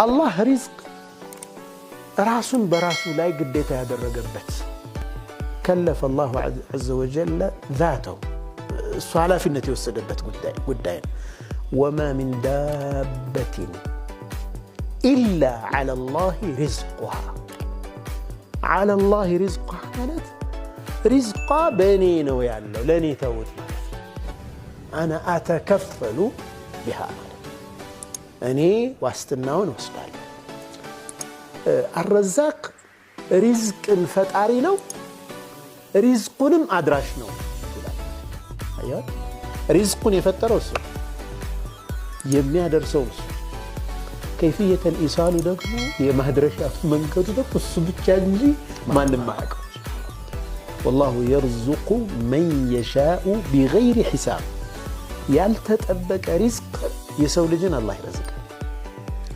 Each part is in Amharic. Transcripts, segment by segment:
الله رزق راس براس لا قديت هذا الرقبت كلف الله عز وجل ذاته صلاة في النتي والسدبت قدين وما من دابة إلا على الله رزقها على الله رزقها كانت رزقا بنين ويعلو لني توت أنا أتكفل بها أني واستناون وصدال الرزاق رزق الفتاري نو رزقون أدراش نو أيوة. رزقون يفتروا سو يمي أدرسوا كيفية الإيصال دقنا هي ما أدرش أفهمن كتبك تشانجي ما نمعك والله يرزق من يشاء بغير حساب يالتت أبك رزق يسولجن الله يرزقك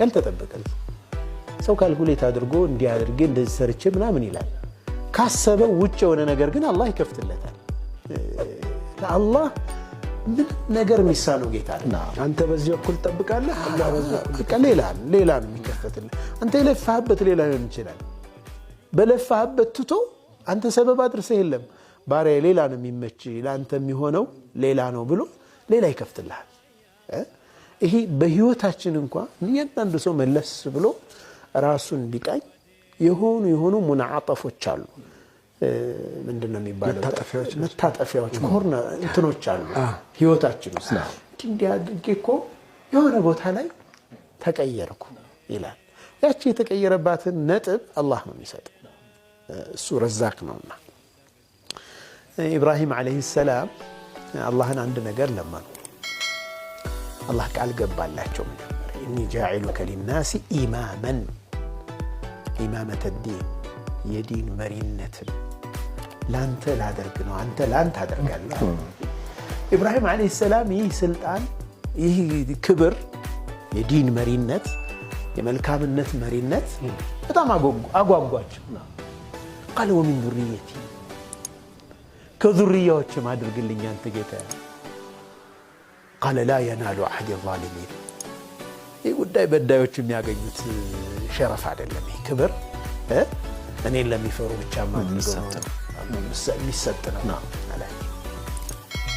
ያልተጠበቀ ነው። ሰው ካልኩሌት አድርጎ እንዲያደርግ እንደዚህ ሰርች ምናምን ይላል። ካሰበው ውጭ የሆነ ነገር ግን አላህ ይከፍትለታል። ለአላህ ምን ነገር የሚሳነው ጌታ አንተ በዚህ በኩል ትጠብቃለህ፣ ሌላ ሌላ ነው የሚከፈትልህ። አንተ የለፋህበት ሌላ ሊሆን ይችላል። በለፋህበት ትቶ አንተ ሰበብ አድርሰ የለም ባሪያ ሌላ ነው የሚመች ለአንተ የሚሆነው ሌላ ነው ብሎ ሌላ ይከፍትልሃል። ይሄ በህይወታችን እንኳ እያንዳንዱ ሰው መለስ ብሎ ራሱን ቢቃኝ የሆኑ የሆኑ ሙናዓጠፎች አሉ። ምንድን ነው የሚባለው? መታጠፊያዎች ኮርና እንትኖች አሉ ህይወታችን ውስጥ እንዲህ አድርጌ እኮ የሆነ ቦታ ላይ ተቀየርኩ ይላል። ያቺ የተቀየረባትን ነጥብ አላህ ነው የሚሰጥ፣ እሱ ረዛክ ነውና። ኢብራሂም ዓለይሂ ሰላም አላህን አንድ ነገር ለመኑ አላህ ቃል ገባላቸው። መጀመሪያ እኒ ጃዒሉከ ሊናሲ ኢማመን ኢማመተ ዲን የዲን መሪነትን ለአንተ ላደርግ ነው፣ አንተ ለአንተ አደርጋለሁ። ኢብራሂም ዓለይሂ ሰላም ይህ ስልጣን፣ ይህ ክብር፣ የዲን መሪነት፣ የመልካምነት መሪነት በጣም አጓጓቸው። ቃል ወሚን ዙርየቲ ከዙርያዎችም አድርግልኝ አንተ ጌታ ቃለ ላ የናሉ አሐድ ዛሊሚን። ይህ ጉዳይ በዳዮች የሚያገኙት ሸረፍ አይደለም። ይህ ክብር እኔን ለሚፈሩ ብቻ የሚሰጥ ነው።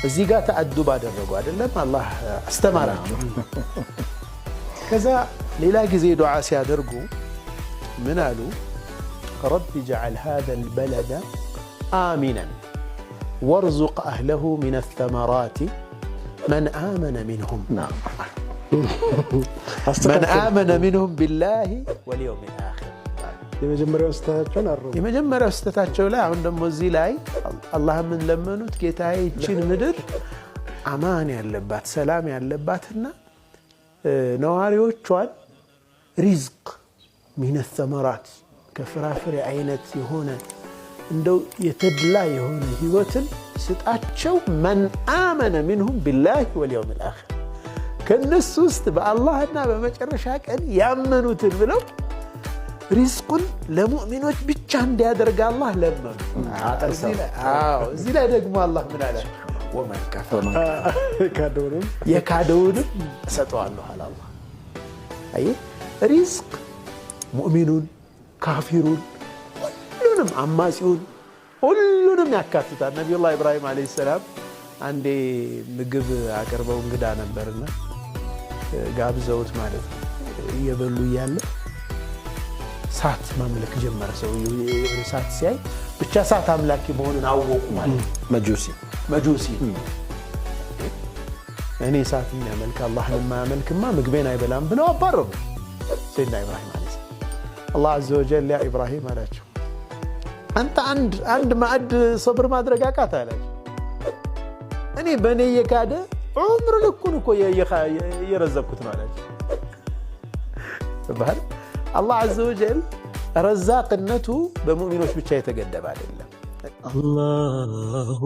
እዚህ ጋር ተአዱብ አደረጉ አይደለም፣ አላህ አስተማራቸው። ከዛ ሌላ ጊዜ ዱዓ ሲያደርጉ ምን አሉ? ረቢ ጀዓል ሃዘል በለደ አሚነን ወርዙቅ አህለሁ ሚነ ተመራቲ መን አመነ ሚንሁም መን አመነ ሚንሁም ቢላሂ ወልየውሚል አኺር የመጀመሪያው ስህተታቸው ላይ አሁን ደግሞ እዚህ ላይ አላህ ምን ለመኑት? ጌታዬ ይችን ምድር አማን ያለባት ሰላም ያለባትና ነዋሪዎቿን ሪዝቅ ሚነ ሰመራት ከፍራፍሬ አይነት የሆነ እንደው የተድላ የሆነ ህይወትን ስጣቸው። መን አመነ ሚንሁም ቢላሂ ወልየውም ልአኽር ከእነሱ ውስጥ በአላህና በመጨረሻ ቀን ያመኑትን ብለው ሪዝቁን ለሙእሚኖች ብቻ እንዲያደርግ አላህ ለመኑ። እዚህ ላይ ደግሞ አላህ ምን አለ? ወመን የካደውንም እሰጠዋለሁ አለ አላህ። ሪዝቅ ሙእሚኑን ካፊሩን ሁሉንም አማጺውን ሁሉንም ያካትታል። ነቢዩላህ ኢብራሂም ዓለይሂ ሰላም አንዴ ምግብ አቅርበው እንግዳ ነበርና ጋብዘውት ማለት ነው። እየበሉ እያለ ሳት ማምለክ ጀመረ። ሰው ሳት ሲያይ ብቻ ሳት አምላኪ መሆንን አወቁ ማለት መጁሲ መጁሲ እኔ እሳት የሚያመልክ አላህን የማያመልክማ ምግቤን አይበላም ብለው አባረሩ። ሰይድና ኢብራሂም አለ አላህ አዘ ወጀል ያ ኢብራሂም አላቸው አንተ አንድ አንድ ማዕድ ሰብር ማድረግ አቃተህ አለ። እኔ በእኔ እየካደ ዑምር ልኩን እኮ እየረዘብኩት ነው አላቸው። አላህ አዘ ወጀል ረዛቅነቱ በሙእሚኖች ብቻ የተገደበ አይደለም። አላሁ